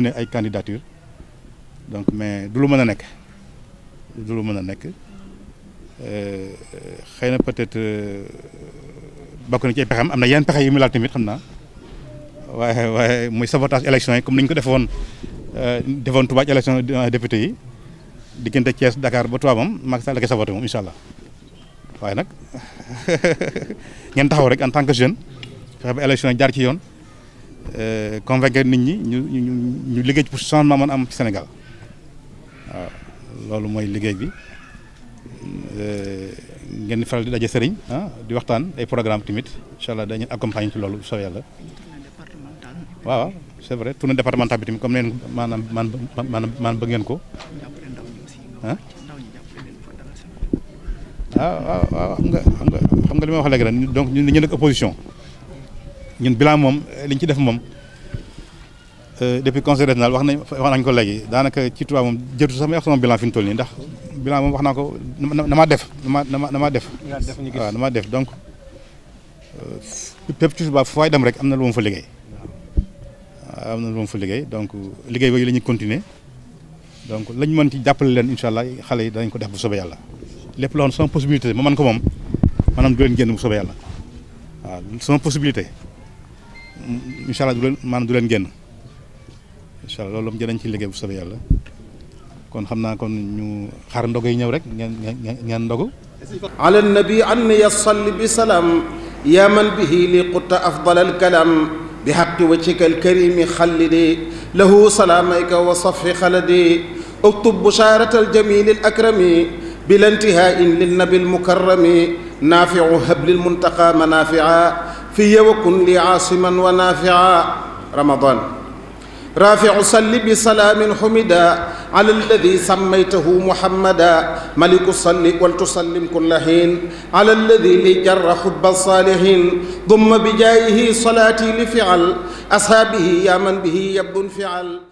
ne ay candidature donc mais du lu mën a nekk du lu mën a nekk euh, xëy na peut-être euh, bokk na ci ay pexam am na yenn pexe yi mu laal tamit xam na waaye waaye muy sabotage élection yi comme ni ko defoon euh, defoon Touba ci élection député yi diggante Thiès Dakar ba Touba moom Macky Sall la koy saboté moom incha allah waaye nag ngeen taxaw rek en tant que jeune fexe ba élection yi jaar ci yoon. Euh, convaincre nit ñi ñu ñu ñu liggéey pour changement mën am ci Sénégal waaw loolu mooy liggéey bi euh, ngeen di di daje sëriñ ah, di waxtaan ay programme tamit incha allah dañu accompagner loolu bu soobee yàlla waaw maanaam man maanaam man bëgg ngeen ko ah, waaw xam nga xam nga xam nga li ma wax léegi rek donc ñu dañu nekk opposition ñun bilan moom euh, lañ ci def moom euh, depuis conseil régional wax nañ wax nañ ko léegi daanaka ci Touba moom jëtu sax may wax sama bilan fi ñu toll nii ndax bilan moom wax naa ko na maa def na ma na maa def. waaw na maa def donc pépp euh, ci Touba fooy dem rek am na lu ma fa liggéey. am fa liggéey donc liggéey boobu la ñuy continuer donc lañ mën ci jàppale leen incha allah xale yi danañ ko def bu soobee yàlla lépp loo xam sama possibilité ma mën ko moom maanaam du leen génn bu soobee yàlla waaw sama incha allah du leen maanaam du leen génn incha allah loolu dinañ ci liggéey bu soobee yàlla kon xam naa kon ñu xaar ndogu yi ñëw rek ngeen ngeen ngeen ndogu. ala nabi an yasalli bi salaam yaa man bihi li qutta afdal al kalaam bi haqqi wajhika al karimi xallidi lahu salaamayka wa safi xaladi uktub bushaarata al jamili al akrami bila intihaa in lil nabi al mukarrami naafiu hablil muntaqa manaafiaa fi yawakun li aasiman wa naafia ramadan raafiu salli bi salaamin xumida ala alladi sammaytahu muhammada maliku salli wal tusallim kulla xiin ala alladi li jarra xubba saalihin dumma bijaayihi salaati li fial ashaabihi yaa man bihi yabdun fial